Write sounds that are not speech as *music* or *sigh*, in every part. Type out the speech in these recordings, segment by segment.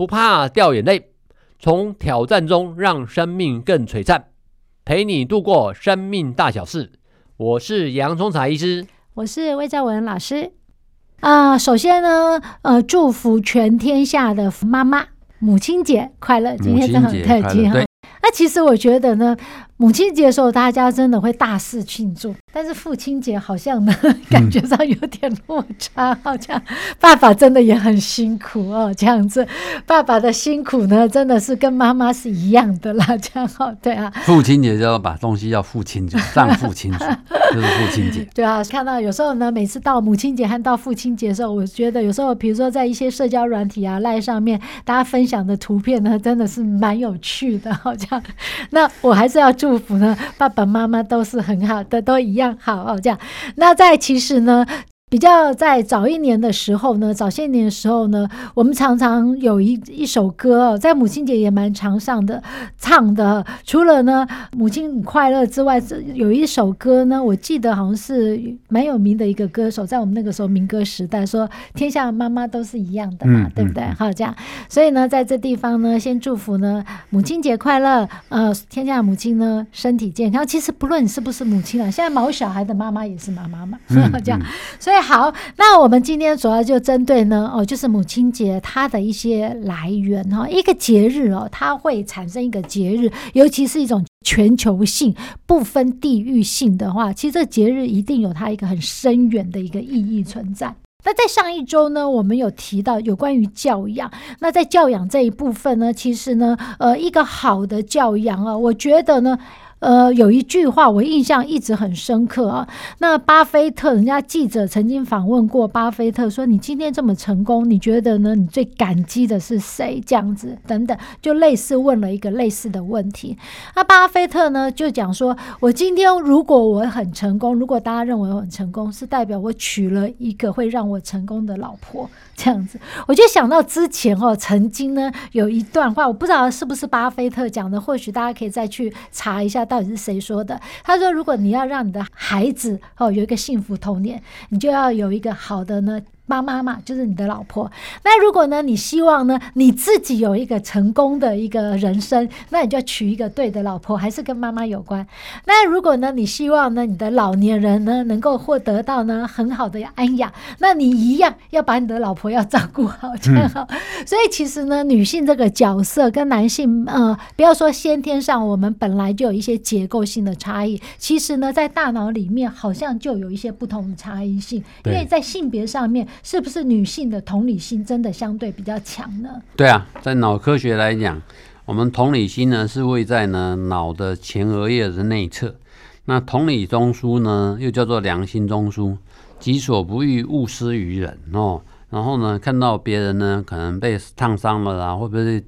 不怕掉眼淚，從挑戰中讓生命更璀璨，陪你度過生命大小事。我是楊聰財醫師，我是魏兆玟老師。啊、呃，首先呢，呃，祝福全天下的媽媽，母親節快樂！今天很特別，母親節快樂！對，那、啊、其實我覺得呢。母親節的時候，大家真的會大肆慶祝，但是父親節好像呢，感覺上有點落差，好、嗯、像爸爸真的也很辛苦哦。這樣子，爸爸的辛苦呢，真的是跟媽媽是一樣的啦。這樣哦，對啊。父親節就要把東西要父親節，上父親節就是父親節。 *laughs* 親節 *laughs* 對啊，看到有時候呢，每次到母親節和到父親節的時候，我覺得有時候，比如說在一些社交軟體啊、賴上面，大家分享的圖片呢，真的是蠻有趣的，哦，好像。那我還是要注意。祝福呢，爸爸媽媽都是很好的，都一樣好哦，這樣，那在其實呢。比較在早一年的時候呢，早些年的時候呢，我們常常有一一首歌，在母親節也蠻常上的唱的。除了呢母親快樂之外，這有一首歌呢，我記得好像是蠻有名的一個歌手，在我們那個時候民歌時代說，天下媽媽都是一樣的嘛，嗯、對不對？好、嗯、這樣，所以呢，在這地方呢，先祝福呢母親節快樂，呃，天下母親呢身體健康。其實不論你是不是母親啊，現在毛小孩的媽媽也是媽媽嘛，嗯、 *laughs* 這樣，嗯、所以。好，那我們今天主要就針對呢，哦，就是母親節它的一些來源哈。一個節日哦，它會產生一個節日，尤其是一種全球性、不分地域性的話，其實這節日一定有它一個很深遠的一個意義存在。那在上一周呢，我們有提到有關於教養。那在教養這一部分呢，其實呢，呃，一個好的教養啊，我覺得呢。呃，有一句話我印象一直很深刻啊。那巴菲特，人家記者曾經訪問過巴菲特，說：“你今天這麼成功，你覺得呢？你最感激的是誰？”這樣子，等等，就類似問了一個類似的問題。那巴菲特呢，就講說：“我今天如果我很成功，如果大家認為我很成功，是代表我娶了一個會讓我成功的老婆。”這樣子，我就想到之前哦，曾經呢有一段話，我不知道是不是巴菲特講的，或許大家可以再去查一下到底是誰說的。他說：“如果你要讓你的孩子哦有一個幸福童年，你就要有一個好的呢。”媽媽嘛，就是你的老婆。那如果呢，你希望呢你自己有一個成功的一個人生，那你就要娶一個對的老婆，還是跟媽媽有關。那如果呢，你希望呢你的老年人呢能夠獲得到呢很好的安養，那你一樣要把你的老婆要照顧好，這樣好，嗯。所以其實呢，女性這個角色跟男性，呃，不要說先天上我們本來就有一些結構性的差異，其實呢，在大腦裡面好像就有一些不同的差異性，因為在性別上面。是不是女性的同理心真的相對比較強呢？對啊，在腦科學來講，我們同理心呢是位在呢腦的前額葉的內側。那同理中樞呢又叫做良心中樞，己所不欲，勿施於人哦。然後呢，看到別人呢可能被燙傷了，啊，會不會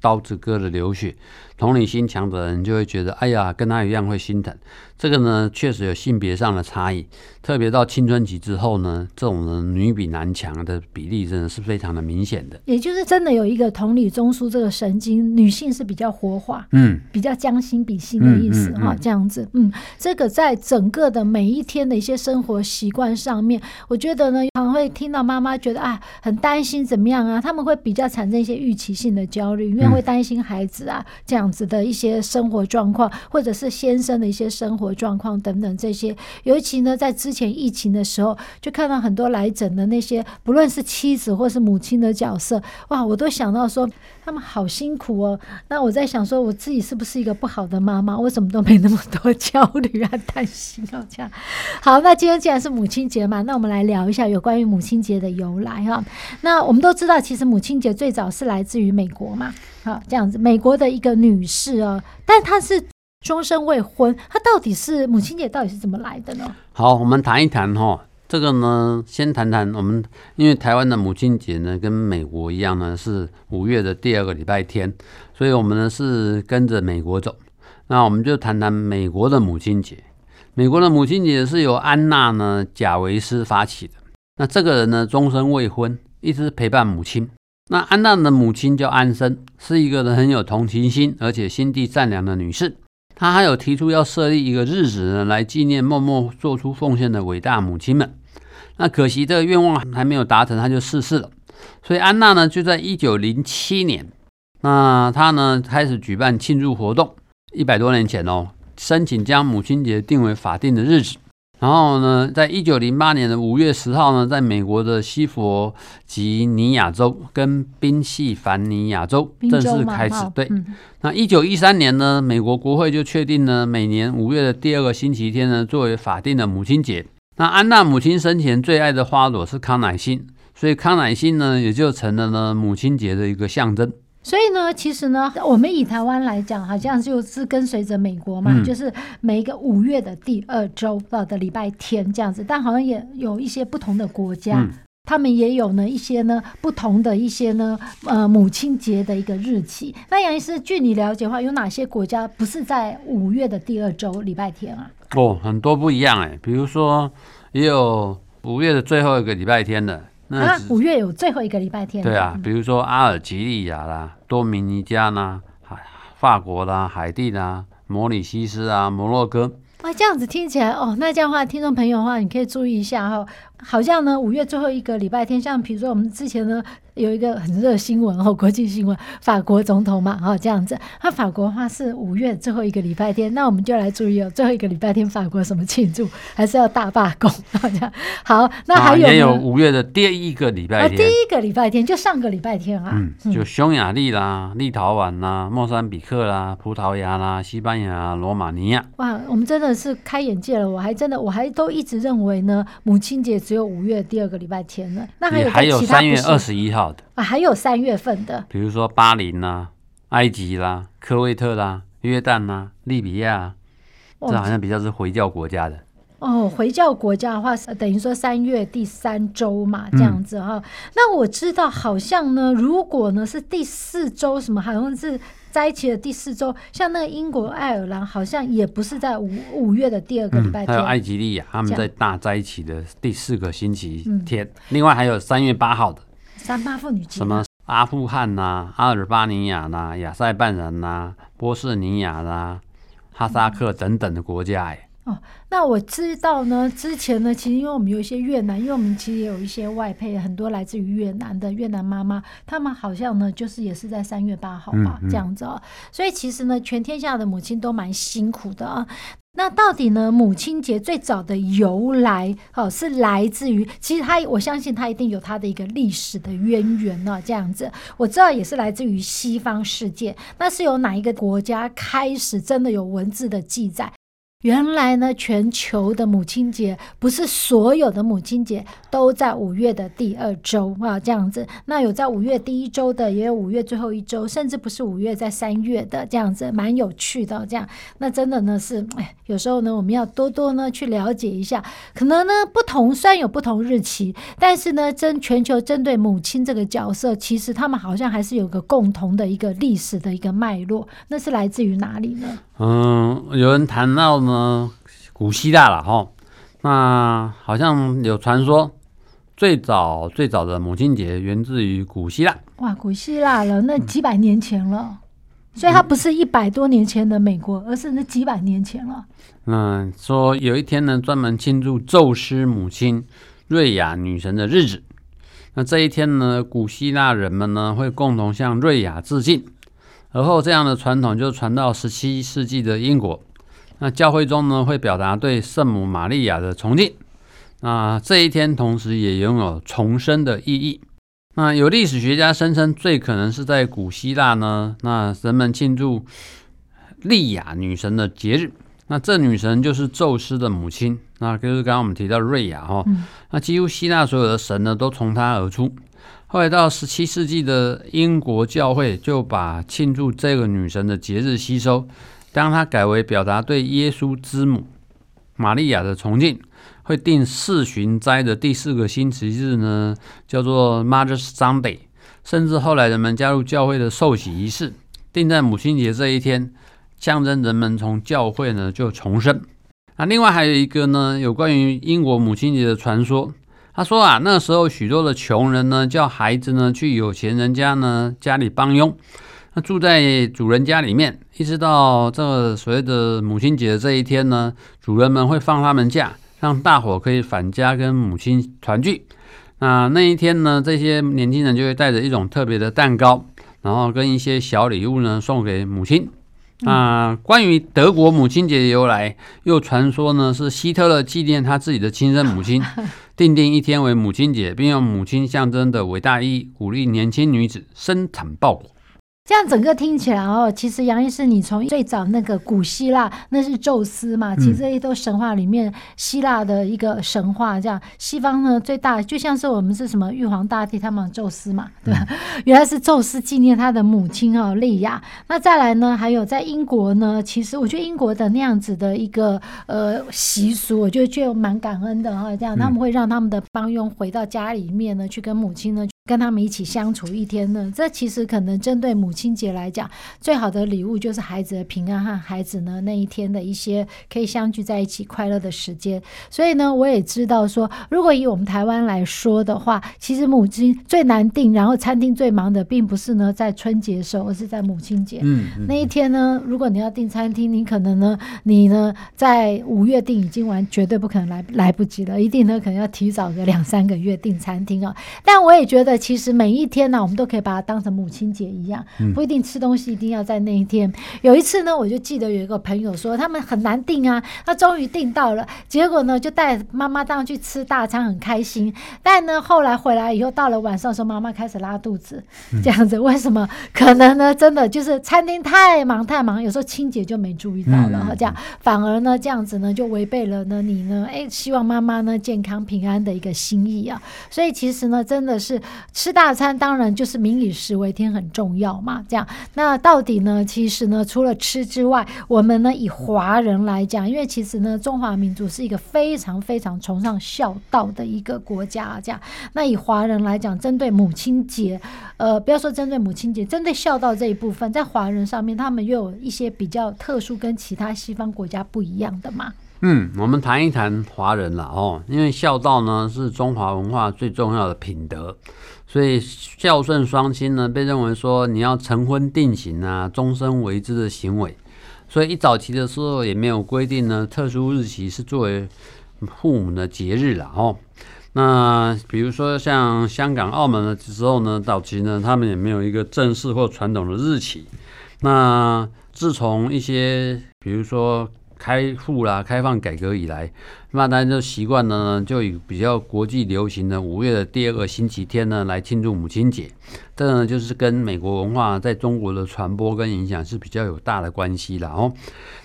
刀子割了流血。同理心強的人就會覺得，哎呀，跟他一樣會心疼。這個呢，確實有性別上的差異，特別到青春期之後呢，這種人女比男強的比例真的是非常的明顯的。也就是真的有一個同理中樞這個神經，女性是比較活化，嗯，比較將心比心的意思哈、嗯嗯嗯，這樣子，嗯，這個在整個的每一天的一些生活習慣上面，我覺得呢，常會聽到媽媽覺得啊、哎，很擔心怎麼樣啊，他們會比較產生一些預期性的焦慮，因為會擔心孩子啊這樣子。子的一些生活狀況，或者是先生的一些生活狀況等等，這些尤其呢，在之前疫情的時候，就看到很多來診的那些，不論是妻子或是母親的角色，哇，我都想到說他們好辛苦哦。那我在想說，我自己是不是一個不好的媽媽？我怎麼都沒那麼多焦慮啊、擔心啊這樣？好，那今天既然是母親節嘛，那我們來聊一下有關於母親節的由來哈。那我們都知道，其實母親節最早是來自於美國嘛。好，這樣子，美國的一個女士啊，但她是終身未婚，她到底是母親節到底是怎麼來的呢？好，我們談一談哈，這個呢，先談談我們，因為台灣的母親節呢，跟美國一樣呢，是五月的第二個禮拜天，所以我們呢是跟着美國走，那我們就談談美國的母親節。美國的母親節是由安娜呢賈維斯發起的，那這個人呢終身未婚，一直陪伴母親。那安娜的母親叫安生，是一個人很有同情心，而且心地善良的女士。她還有提出要設立一個日子呢，來紀念默默做出奉獻的偉大母親們。那可惜這個願望還沒有達成，她就逝世,世了。所以安娜呢，就在一九零七年，那她呢，開始舉辦慶祝活動。一百多年前哦，申請將母親節定為法定的日子。然後呢，在一九零八年的五月十號呢，在美國的西弗吉尼亞州跟賓夕凡尼亞州正式開始。對，嗯、那一九一三年呢，美國國會就確定呢，每年五月的第二個星期天呢，作為法定的母親節。那安娜母親生前最愛的花朵是康乃馨，所以康乃馨呢，也就成了呢母親節的一個象徵。所以呢，其實呢，我們以台灣來講，好像就是跟隨着美國嘛，嗯，就是每一個五月的第二周的禮拜天這樣子。但好像也有一些不同的國家，嗯，他們也有呢一些呢不同的一些呢呃母親節的一個日期。那楊醫師，據你了解的話，有哪些國家不是在五月的第二周禮拜天啊？哦，很多不一樣哎，欸，比如說也有五月的最後一個禮拜天的。那五、啊、月有最後一個禮拜天。對啊，比如說阿爾及利亞啦、多米尼加呢、法國啦、海地啦、摩里西斯啊、摩洛哥。哇，這樣子聽起來哦，那這樣的話，聽眾朋友的話，你可以注意一下哈。好像呢，五月最後一個禮拜天，像比如說我們之前呢有一個很熱新聞哦、喔，國際新聞，法國總統嘛，哈這樣子，那法國的話是五月最後一個禮拜天，那我們就來注意哦、喔，最後一個禮拜天法國什麼慶祝，還是要大罷工？好像好，那還有沒有五、啊、月的第一個禮拜天、啊，第一個禮拜天就上個禮拜天啊、嗯，就匈牙利啦、立陶宛啦、莫桑比克啦、葡萄牙啦、西班牙、羅馬尼亞。哇，我們真的是開眼界了，我還真的我還都一直認為呢，母親節只有五月第二個禮拜天了，那還有還有三月二十一號的啊，還有三月份的，比如說巴林啦、啊、埃及啦、啊、科威特啦、啊、約旦啦、啊、利比亞、啊哦，這好像比較是回教國家的哦。回教國家的話，等於說三月第三周嘛，這樣子哈、嗯。那我知道好像呢，如果呢是第四周，什麼好像是。在一起的第四周，像那個英國、愛爾蘭，好像也不是在五五月的第二個禮拜天、嗯、還有埃及利亞，他們在大齋期的第四個星期天。另外還有三月八號的三八婦女節。什麼阿富汗吶、啊、阿爾巴尼亞吶、啊、亞塞拜然吶、波士尼亞啦、啊、哈薩克等等的國家哎。嗯哦，那我知道呢。之前呢，其實因為我們有一些越南，因為我們其實也有一些外配，很多來自於越南的越南媽媽，他們好像呢，就是也是在三月八號吧，嗯嗯，這樣子，哦。所以其實呢，全天下的母親都蠻辛苦的啊，哦。那到底呢，母親節最早的由來哦，是來自於其實它，我相信它一定有它的一個歷史的淵源呢，哦，這樣子。我知道也是來自於西方世界，那是由哪一個國家開始真的有文字的記載？原來呢，全球的母親節不是所有的母親節都在五月的第二周啊，這樣子。那有在五月第一周的，也有五月最後一周，甚至不是五月，在三月的這樣子，蠻有趣的哦。這樣，那真的呢是，哎，有時候呢，我們要多多呢去了解一下。可能呢，不同雖然有不同日期，但是呢，針全球針對母親這個角色，其實他們好像還是有個共同的一個歷史的一個脈絡，那是來自於哪裡呢？嗯，有人談到呢。嗯，古希臘了哈，那好像有傳說，最早最早的母親節源自於古希臘。哇，古希臘了，那幾百年前了，所以它不是一百多年前的美國，嗯，而是那幾百年前了。嗯，說有一天呢，專門慶祝宙斯母親瑞亞女神的日子。那這一天呢，古希臘人們呢會共同向瑞亞致敬，而後這樣的傳統就傳到十七世紀的英國。那教會中呢會表達對聖母瑪利亞的崇敬，那這一天同時也擁有重生的意義。那有歷史學家聲稱，最可能是在古希臘呢，那人們慶祝利亞女神的節日。那這女神就是宙斯的母親，那就是剛剛我們提到瑞亞哈哦。那幾乎希臘所有的神呢都從她而出。後來到十七世紀的英國教會就把慶祝這個女神的節日吸收。當他改為表達對耶穌之母瑪利亞的崇敬，會定四旬齋的第四個星期日呢，叫做 Mother's Sunday。甚至後來人們加入教會的受洗儀式，定在母親節這一天，象徵人們從教會呢就重生。啊，另外還有一個呢，有關於英國母親節的傳說。他說啊，那時候許多的窮人呢，叫孩子呢去有錢人家呢家裡幫傭。住在主人家裡面，一直到這個所謂的母親節這一天呢，主人們會放他們假，讓大夥可以返家跟母親團聚。那那一天呢，這些年輕人就會帶着一種特別的蛋糕，然後跟一些小禮物呢送給母親。啊，關於德國母親節的由來，又傳說呢是希特勒紀念他自己的親生母親，定定一天為母親節，並用母親象徵的偉大意義鼓勵年輕女子生產報國。這樣整個聽起來哦，其實楊醫師，你從最早那個古希臘，那是宙斯嘛？嗯、其實這些都神話裡面，希臘的一個神話，這樣西方呢最大，就像是我們是什麼玉皇大帝，他們的宙斯嘛，對吧、嗯？原來是宙斯紀念他的母親哦。利亞。那再來呢，還有在英國呢，其實我覺得英國的那樣子的一個呃習俗，我覺得就蠻感恩的哈、哦。這樣他們會讓他們的幫傭回到家裡面呢，嗯、去跟母親呢。跟他們一起相處一天呢，這其實可能針對母親節來講，最好的禮物就是孩子的平安和孩子呢那一天的一些可以相聚在一起快樂的時間。所以呢，我也知道說，如果以我們台灣來說的話，其實母親最難訂，然後餐廳最忙的，並不是呢在春節的時候，而是在母親節。嗯，嗯，嗯，那一天呢，如果你要訂餐廳，你可能呢，你呢在五月訂已經完，絕對不可能來來不及了，一定呢可能要提早個兩三個月訂餐廳啊，哦。但我也覺得。其實每一天呢、啊，我們都可以把它當成母親節一樣，不一定吃東西一定要在那一天、嗯。有一次呢，我就記得有一個朋友說，他們很難訂啊，他終於訂到了，結果呢就帶媽媽當去吃大餐，很開心。但呢後來回來以後，到了晚上時候，媽媽開始拉肚子，嗯、這樣子為什麼？可能呢真的就是餐廳太忙太忙，有時候清潔就沒注意到了，嗯、然後這樣、嗯、反而呢這樣子呢就違背了呢你呢哎希望媽媽呢健康平安的一個心意啊。所以其實呢真的是。吃大餐當然就是民以食為天，很重要嘛。這樣，那到底呢？其實呢，除了吃之外，我們呢以華人來講，因為其實呢，中華民族是一個非常非常崇尚孝道的一個國家啊。這樣，那以華人來講，針對母親節，呃，不要說針對母親節，針對孝道這一部分，在華人上面，他們又有一些比較特殊，跟其他西方國家不一樣的嘛。嗯，我們談一談華人啦哦，因為孝道呢是中華文化最重要的品德。所以孝順雙親呢，被認為說你要成婚定型啊，終身為之的行為。所以一早期的時候也沒有規定呢特殊日期是作為父母的節日了哦。那比如說像香港、澳門的時候呢，早期呢他們也沒有一個正式或傳統的日期。那自從一些比如說。開戶啦！開放改革以來，那大家就習慣了呢，就以比較國際流行的五月的第二個星期天呢，來慶祝母親節。這個呢，就是跟美國文化在中國的傳播跟影響是比較有大的關係了哦。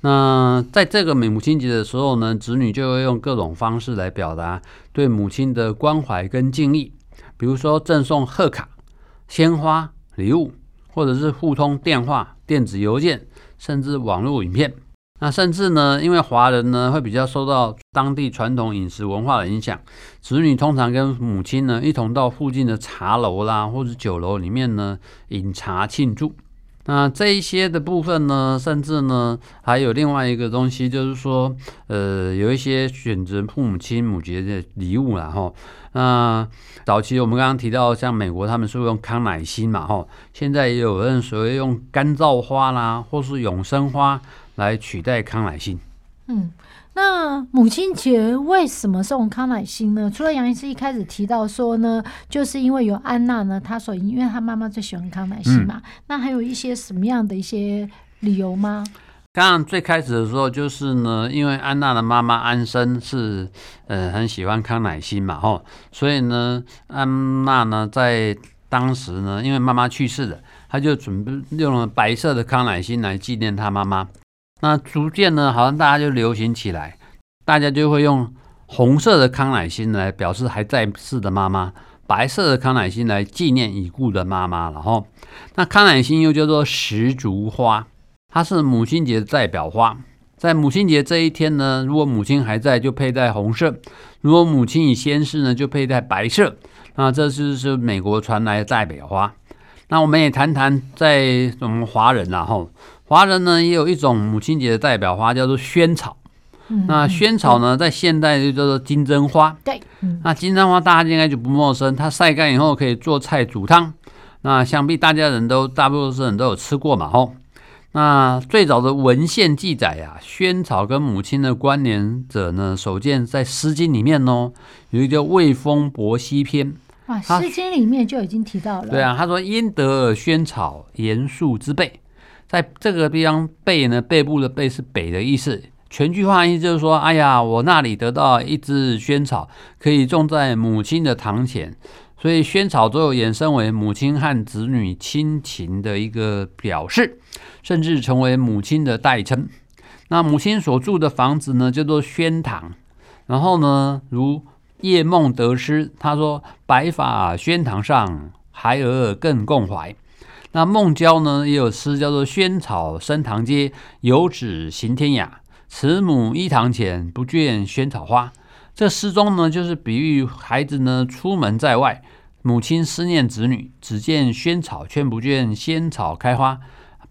那在這個美母親節的時候呢，子女就會用各種方式來表達對母親的關懷跟敬意，比如說贈送賀卡、鮮花、禮物，或者是互通電話、電子郵件，甚至網絡影片。那甚至呢，因為華人呢會比較受到當地傳統飲食文化的影響，子女通常跟母親呢一同到附近的茶樓啦，或者酒樓裡面呢飲茶慶祝。那這一些的部分呢，甚至呢還有另外一個東西，就是說，呃，有一些選擇父母親、母節的禮物，然後。那、嗯、早期我們剛剛提到，像美國他們是用康乃馨嘛，吼，現在也有人所謂用乾燥花啦，或是永生花來取代康乃馨。嗯，那母親節為什麼送康乃馨呢？除了楊醫師一開始提到說呢，就是因為有安娜呢，她說因為她媽媽最喜歡康乃馨嘛，嗯。那還有一些什麼樣的一些理由嗎？剛剛最開始的時候，就是呢，因為安娜的媽媽安生是，呃，很喜歡康乃馨嘛，吼，所以呢，安娜呢，在當時呢，因為媽媽去世了，她就準備用了白色的康乃馨來紀念她媽媽。那逐漸呢，好像大家就流行起來，大家就會用紅色的康乃馨來表示還在世的媽媽，白色的康乃馨來紀念已故的媽媽了，吼。那康乃馨又叫做石竹花。它是母親節的代表花，在母親節這一天呢，如果母親還在，就佩戴紅色；如果母親已仙逝呢，就佩戴白色。那這就是美國傳來的代表花。那我們也談談在我們華人、啊，然後華人呢也有一種母親節的代表花，叫做萱草。嗯、那萱草呢，在現代就叫做金針花。對，那金針花大家應該就不陌生，它曬乾以後可以做菜煮湯。那想必大家人都大部分人都有吃過嘛，吼。那最早的文獻記載啊，萱草跟母親的關聯者呢，首見在《詩經》裡面哦，有一個叫《衛風·伯兮》篇。哇，《詩經》裡面就已經提到了。對啊，他說：“焉得爾萱草，言樹之背，在這個地方，“背”呢，“背部”的“背”是北的意思。全句話意思就是說：“哎呀，我那裡得到一只萱草，可以種在母親的堂前。”所以萱草最後衍生為母親和子女親情的一個表示，甚至成為母親的代稱。那母親所住的房子呢，叫做萱堂。然後呢，如葉夢得詩，他說：“白髮萱堂上，孩兒，兒更共懷。”那孟郊呢，也有詩叫做宣“萱草生堂階，游子行天涯。慈母倚堂前，不卷萱草花。”這詩中呢，就是比喻孩子呢出門在外。母親思念子女，只見萱草，卻不見萱草開花。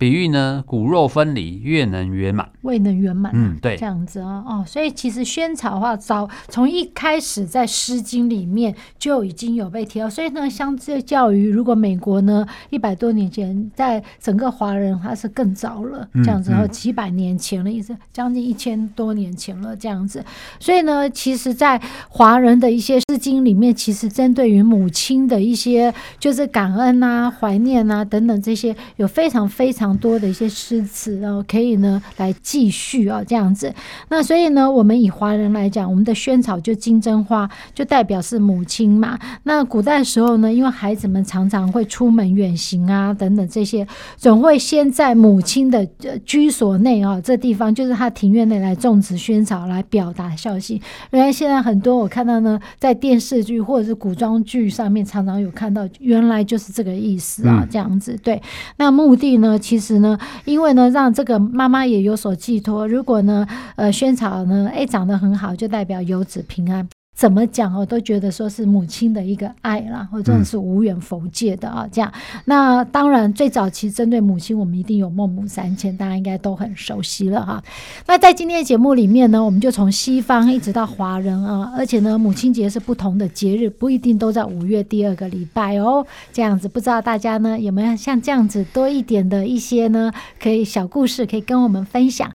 比喻呢，骨肉分離越能圓滿，未能圓滿、啊。嗯，對，這樣子啊，哦，所以其實萱草話早從一開始在詩經裡面就已經有被提到。所以呢，相比較於，如果美國呢，一百多年前，在整個華人它是更早了，嗯、這樣子、啊，幾百年前的意思，將近一千多年前了，這樣子。所以呢，其實，在華人的一些詩經裡面，其實針對於母親的一些，就是感恩吶、啊、懷念吶、啊、等等這些，有非常非常。多的一些詩詞哦，可以呢來繼續啊、哦、這樣子。那所以呢，我們以華人來講，我們的萱草就金針花，就代表是母親嘛。那古代時候呢，因為孩子們常常會出門遠行啊等等這些，總會先在母親的居所內啊、哦、這地方，就是他庭院內來種植萱草，來表達孝心。原來現在很多我看到呢，在電視劇或者是古裝劇上面常常有看到，原來就是這個意思啊、哦、這樣子。對，那目的呢，其實。其實呢，因為呢，讓這個媽媽也有所寄托。如果呢，呃，萱草呢，哎，長得很好，就代表遊子平安。怎麼講我都覺得說是母親的一個愛啦，或者這種是無緣佛界的啊，嗯，這樣。那當然，最早期針對母親，我們一定有“孟母三遷”，大家應該都很熟悉了哈。那在今天的節目裡面呢，我們就從西方一直到華人啊，而且呢，母親節是不同的節日，不一定都在五月第二個禮拜哦。這樣子，不知道大家呢，有沒有像這樣子多一點的一些呢，可以小故事可以跟我們分享。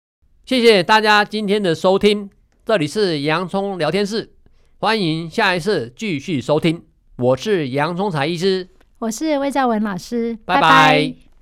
謝謝大家今天的收聽，這裡是洋蔥聊天室。歡迎下一次繼續收聽，我是楊聰財醫師，我是魏兆玟老師，拜拜。拜拜。